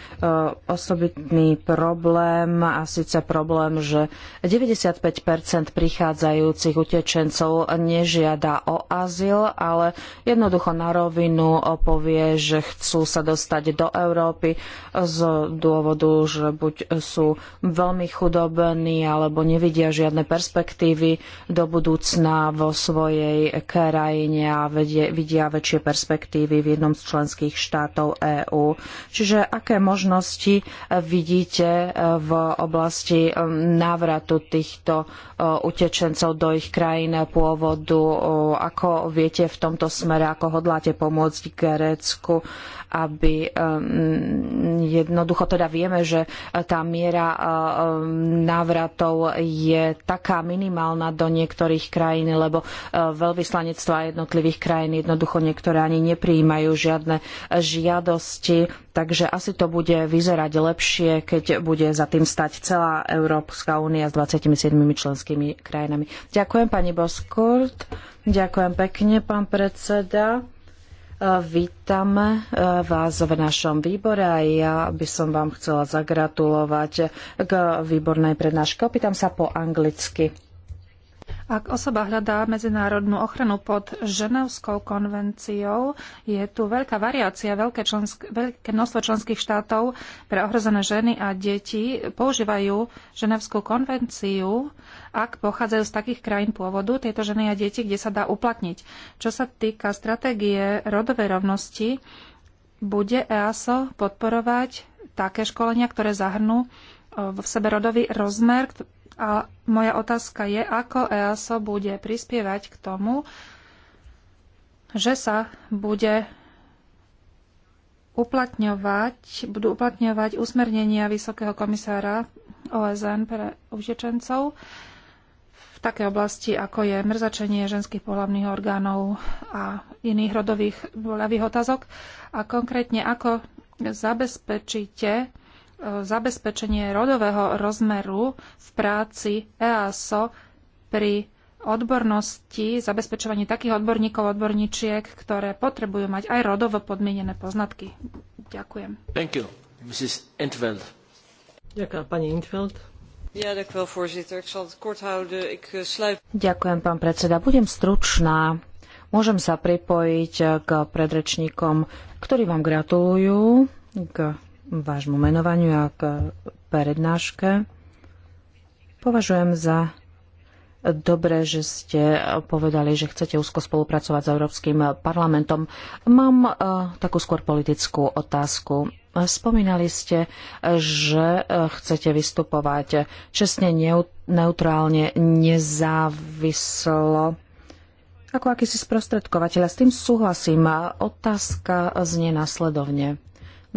osobitný problém a síce problém, že 95 prichádzajúcich utečencov nežiada o azyl, ale jednoducho na rovinu povie, že chcú sa dostať do Európy z dôvodu, že buď sú veľmi chudobní alebo nevidia žiadne perspektívy do budúcna vo svojej krajine a vidia väčšie perspektívy v jednom z členských štátov EÚ. Čiže aké možnosti e, vidíte e, v oblasti e, návratu týchto utečencov do ich krajín pôvodu? Ako viete v tomto smere, ako hodláte pomôcť Grécku? aby ehm, jednoducho teda vieme, že tá miera ehm, návratov je taká minimálna do niektorých krajín, lebo e, veľvyslanectva jednotlivých krajín jednoducho niektoré ani neprijímajú žiadne žiadosti, takže asi to bude vyzerať lepšie, keď bude za tým stať celá Európska únia s 27 členskými krajinami. Ďakujem pani Boskurt, ďakujem pekne pán predseda. Vítame eh, vás v našom výbore a ja by som vám chcela zagratulovať k výbornej prednáške. Opýtam sa po anglicky. Ak osoba hľadá medzinárodnú ochranu pod Ženevskou konvenciou, je tu veľká variácia, veľké, člensk- veľké množstvo členských štátov pre ohrozené ženy a deti používajú Ženevskú konvenciu, ak pochádzajú z takých krajín pôvodu tieto ženy a deti, kde sa dá uplatniť. Čo sa týka stratégie rodovej rovnosti, bude EASO podporovať také školenia, ktoré zahrnú v sebe rodový rozmer, a moja otázka je, ako EASO bude prispievať k tomu, že sa bude uplatňovať, budú uplatňovať usmernenia Vysokého komisára OSN pre utečencov v takej oblasti, ako je mrzačenie ženských pohľavných orgánov a iných rodových voľavých otázok. A konkrétne, ako zabezpečíte zabezpečenie rodového rozmeru v práci EASO pri odbornosti, zabezpečovaní takých odborníkov, odborníčiek, ktoré potrebujú mať aj rodovo podmienené poznatky. Ďakujem. Thank you, Mrs. Entveld. Ďakujem, pani Entveld. Eh, Ďakujem, pán predseda. Budem stručná. Môžem sa pripojiť eh, k predrečníkom, ktorí vám gratulujú k vášmu menovaniu a k prednáške. Považujem za Dobre, že ste povedali, že chcete úzko spolupracovať s Európskym parlamentom. Mám e, takú skôr politickú otázku. Spomínali ste, že e, chcete vystupovať čestne, neutrálne, nezávislo ako akýsi sprostredkovateľ. S tým súhlasím. Otázka znie nasledovne.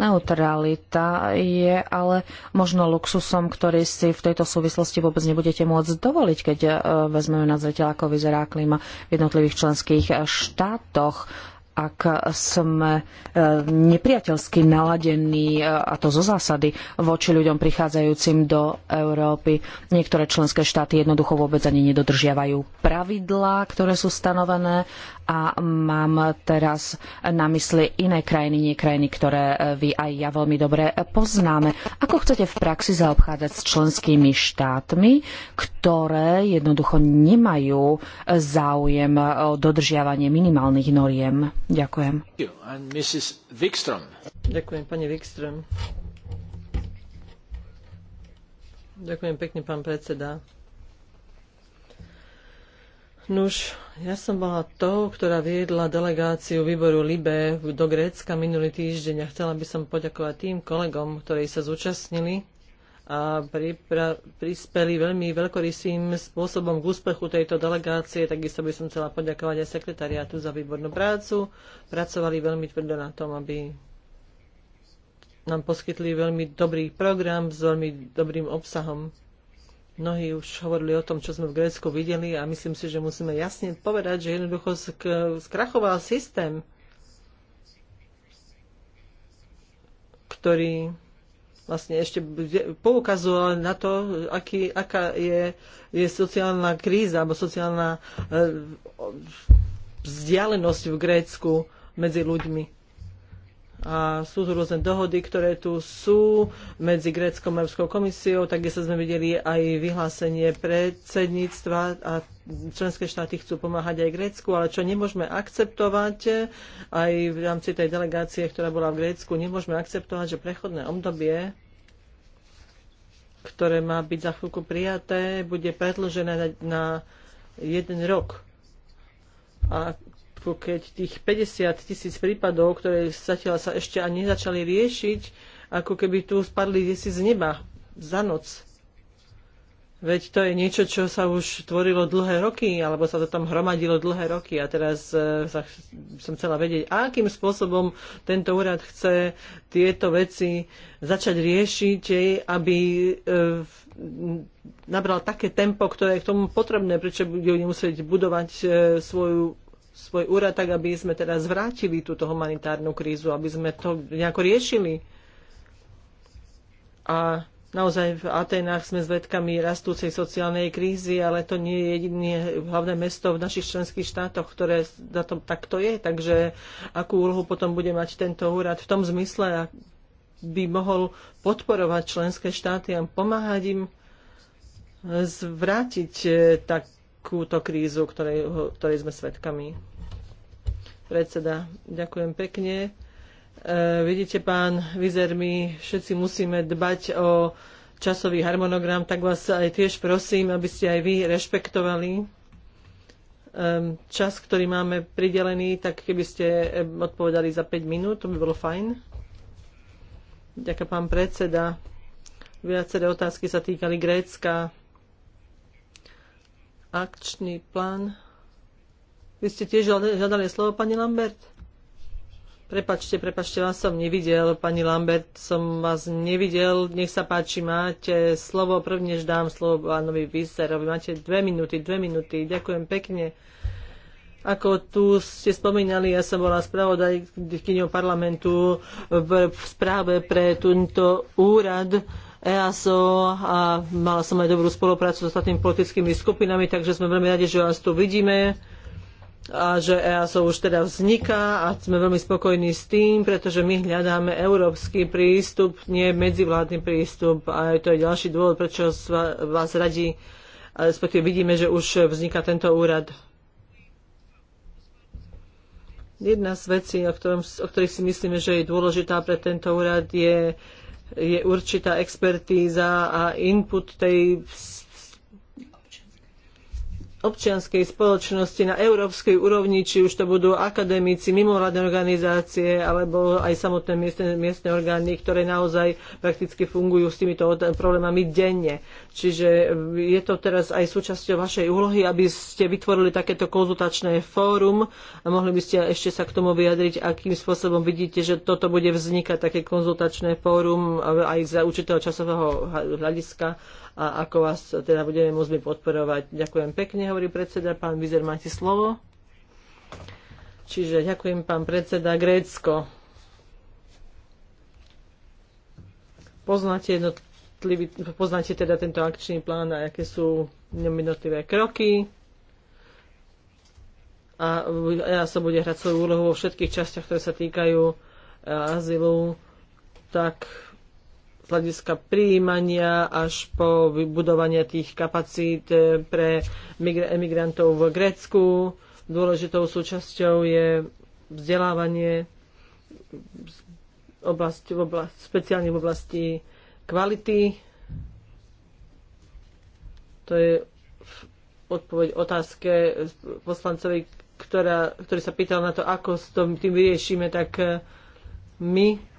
Neutralita je ale možno luxusom, ktorý si v tejto súvislosti vôbec nebudete môcť dovoliť, keď eh, vezmeme na zreteľ, ako vyzerá klíma v jednotlivých členských štátoch ak sme e, nepriateľsky naladení, e, a to zo zásady, voči ľuďom prichádzajúcim do Európy. Niektoré členské štáty jednoducho vôbec ani nedodržiavajú pravidlá, ktoré sú stanovené a mám teraz na mysli iné krajiny, nie krajiny, ktoré e, vy aj ja veľmi dobre poznáme. Ako chcete v praxi zaobchádzať s členskými štátmi, ktoré jednoducho nemajú záujem o dodržiavanie minimálnych noriem? Ďakujem. Ďakujem, pani Wikström. Ďakujem pekne, pán predseda. Nuž, ja som bola tou, ktorá viedla delegáciu výboru LIBE do Grécka minulý týždeň a chcela by som poďakovať tým kolegom, ktorí sa zúčastnili a prispeli veľmi veľkorysým spôsobom k úspechu tejto delegácie. Takisto by som chcela poďakovať aj sekretariátu za výbornú prácu. Pracovali veľmi tvrdo na tom, aby nám poskytli veľmi dobrý program s veľmi dobrým obsahom. Mnohí už hovorili o tom, čo sme v Grécku videli a myslím si, že musíme jasne povedať, že jednoducho skrachoval systém, ktorý vlastne ešte poukazoval na to, aký, aká je, je sociálna kríza alebo sociálna e, vzdialenosť v Grécku medzi ľuďmi a sú tu rôzne dohody, ktoré tu sú medzi Gréckom a Európskou komisiou, takisto sme videli aj vyhlásenie predsedníctva a členské štáty chcú pomáhať aj Grécku, ale čo nemôžeme akceptovať aj v rámci tej delegácie, ktorá bola v Grécku, nemôžeme akceptovať, že prechodné obdobie ktoré má byť za chvíľku prijaté, bude predložené na, na jeden rok. A keď tých 50 tisíc prípadov, ktoré zatiaľ sa ešte ani nezačali riešiť, ako keby tu spadli desi z neba za noc. Veď to je niečo, čo sa už tvorilo dlhé roky, alebo sa to tam hromadilo dlhé roky. A teraz e, sa, som chcela vedieť, akým spôsobom tento úrad chce tieto veci začať riešiť, e, aby e, nabral také tempo, ktoré je k tomu potrebné, prečo budú musieť budovať e, svoju svoj úrad, tak aby sme teda zvrátili túto humanitárnu krízu, aby sme to nejako riešili. A naozaj v Atenách sme zvedkami rastúcej sociálnej krízy, ale to nie je jediné hlavné mesto v našich členských štátoch, ktoré na tom takto je. Takže akú úlohu potom bude mať tento úrad v tom zmysle, by mohol podporovať členské štáty a pomáhať im zvrátiť eh, takúto krízu, ktorej, ktorej sme svedkami. Predseda, ďakujem pekne. E, vidíte, pán Vizer, my všetci musíme dbať o časový harmonogram, tak vás aj tiež prosím, aby ste aj vy rešpektovali e, čas, ktorý máme pridelený, tak keby ste e, odpovedali za 5 minút, to by bolo fajn. Ďakujem, pán predseda. Viaceré otázky sa týkali Grécka. Akčný plán. Vy ste tiež žiadali slovo, pani Lambert? Prepačte, prepačte, vás som nevidel, pani Lambert, som vás nevidel. Nech sa páči, máte slovo, prvnež dám slovo pánovi Vyserovi. Máte dve minúty, dve minúty, ďakujem pekne. Ako tu ste spomínali, ja som bola spravodajkyňou parlamentu v, správe pre tento úrad EASO a mala som aj dobrú spoluprácu s ostatnými politickými skupinami, takže sme veľmi radi, že vás tu vidíme a že EASO už teda vzniká a sme veľmi spokojní s tým, pretože my hľadáme európsky prístup, nie medzivládny prístup a to je ďalší dôvod, prečo vás radí, respektíve vidíme, že už vzniká tento úrad. Jedna z vecí, o, ktorom, o ktorých si myslíme, že je dôležitá pre tento úrad, je, je určitá expertíza a input tej občianskej spoločnosti na európskej úrovni, či už to budú akademici, mimovládne organizácie alebo aj samotné miestne, miestne orgány, ktoré naozaj prakticky fungujú s týmito problémami denne. Čiže je to teraz aj súčasťou vašej úlohy, aby ste vytvorili takéto konzultačné fórum a mohli by ste ešte sa k tomu vyjadriť, akým spôsobom vidíte, že toto bude vznikať také konzultačné fórum aj za určitého časového hľadiska a ako vás teda budeme môcť podporovať. Ďakujem pekne, hovorí predseda. Pán Vizer, máte slovo. Čiže ďakujem, pán predseda. Grécko. Poznáte, poznáte teda tento akčný plán a aké sú jednotlivé kroky a ja sa bude hrať svoju úlohu vo všetkých častiach, ktoré sa týkajú eh, azylu, tak hľadiska prijímania až po vybudovanie tých kapacít eh, pre emigrantov v Grécku. Dôležitou súčasťou je vzdelávanie oblasti, v oblast, speciálne v oblasti kvality. To je odpoveď otázke poslancovi, ktorá, ktorý sa pýtal na to, ako s tým vyriešime, tak eh, my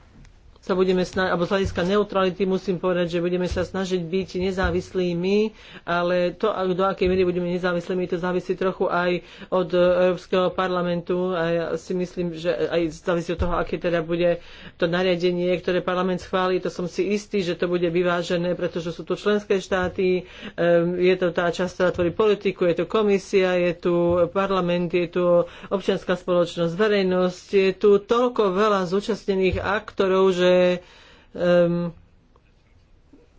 sa budeme snažiť, alebo z hľadiska neutrality musím povedať, že budeme sa snažiť byť nezávislými, ale to, do akej miery budeme nezávislými, to závisí trochu aj od Európskeho parlamentu a ja si myslím, že aj závisí od toho, aké teda bude to nariadenie, ktoré parlament schválí, to som si istý, že to bude vyvážené, pretože sú to členské štáty, ehm, je to tá časť, ktorá tvorí politiku, je tu komisia, je tu parlament, je tu občianská spoločnosť, verejnosť, je tu toľko veľa zúčastnených aktorov, že že um,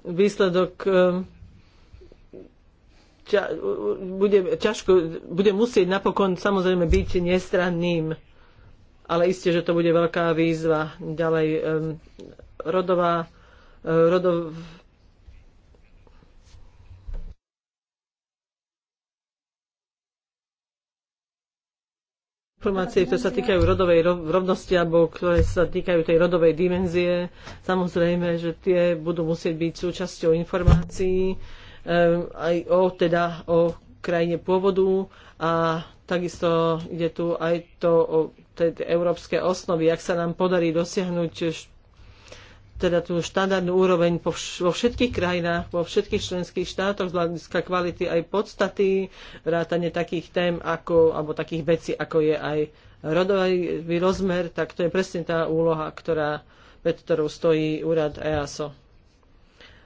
výsledok um, ča, bude, ťažko, bude musieť napokon samozrejme byť nestranným. Ale isté, že to bude veľká výzva. Ďalej um, rodová, eh, rodov, informácie, ktoré sa týkajú rodovej rovnosti alebo ktoré sa týkajú tej rodovej dimenzie. Samozrejme, že tie budú musieť byť súčasťou informácií eh, aj o, teda, o krajine pôvodu a takisto ide tu aj to o tej európske osnovy, ak sa nám podarí dosiahnuť teda tú štandardnú úroveň vo všetkých krajinách, vo všetkých členských štátoch z hľadiska kvality aj podstaty, vrátanie takých tém ako, alebo takých vecí, ako je aj rodový rozmer, tak to je presne tá úloha, ktorá, pred ktorou stojí úrad EASO.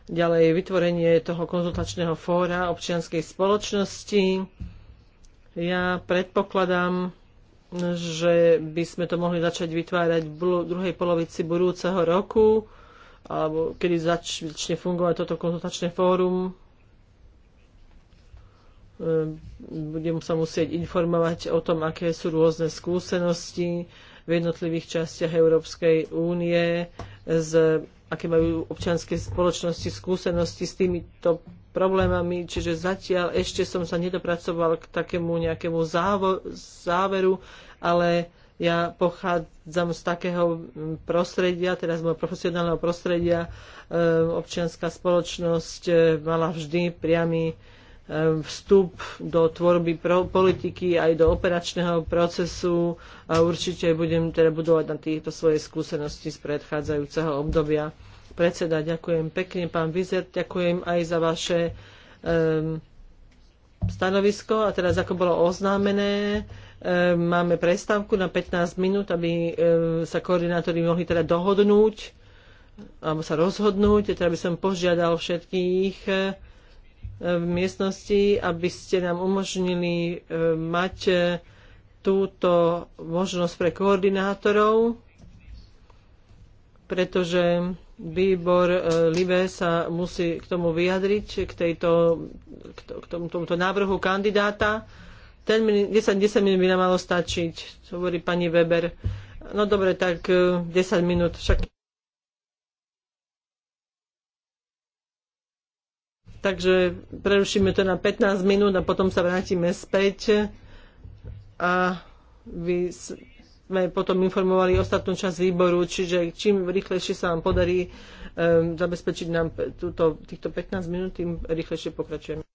Ďalej vytvorenie toho konzultačného fóra občianskej spoločnosti. Ja predpokladám, že by sme to mohli začať vytvárať v druhej polovici budúceho roku, alebo kedy začne fungovať toto konzultačné fórum. Ehm, budem sa musieť informovať o tom, aké sú rôzne skúsenosti v jednotlivých častiach Európskej únie s aké majú občianske spoločnosti skúsenosti s týmito problémami, čiže zatiaľ ešte som sa nedopracoval k takému nejakému závo- záveru, ale ja pochádzam z takého prostredia, teda z môjho profesionálneho prostredia. E, občianská spoločnosť e, mala vždy priamy vstup do tvorby politiky aj do operačného procesu a určite budem teda budovať na týchto svoje skúsenosti z predchádzajúceho obdobia. Predseda, ďakujem pekne, pán Vizer, ďakujem aj za vaše um, stanovisko a teraz ako bolo oznámené, um, máme prestávku na 15 minút, aby um, sa koordinátori mohli teda dohodnúť alebo sa rozhodnúť, teda by som požiadal všetkých v miestnosti, aby ste nám umožnili e, mať e, túto možnosť pre koordinátorov, pretože výbor e, LIBE sa musí k tomu vyjadriť, k, tejto, k, tomuto návrhu kandidáta. Ten 10, 10 minút by nám malo stačiť, hovorí pani Weber. No dobre, tak 10 minút však. Takže prerušíme to na 15 minút a potom sa vrátime späť a vy sme potom informovali ostatnú časť výboru, čiže čím rýchlejšie sa vám podarí um, zabezpečiť nám túto, týchto 15 minút, tým rýchlejšie pokračujeme.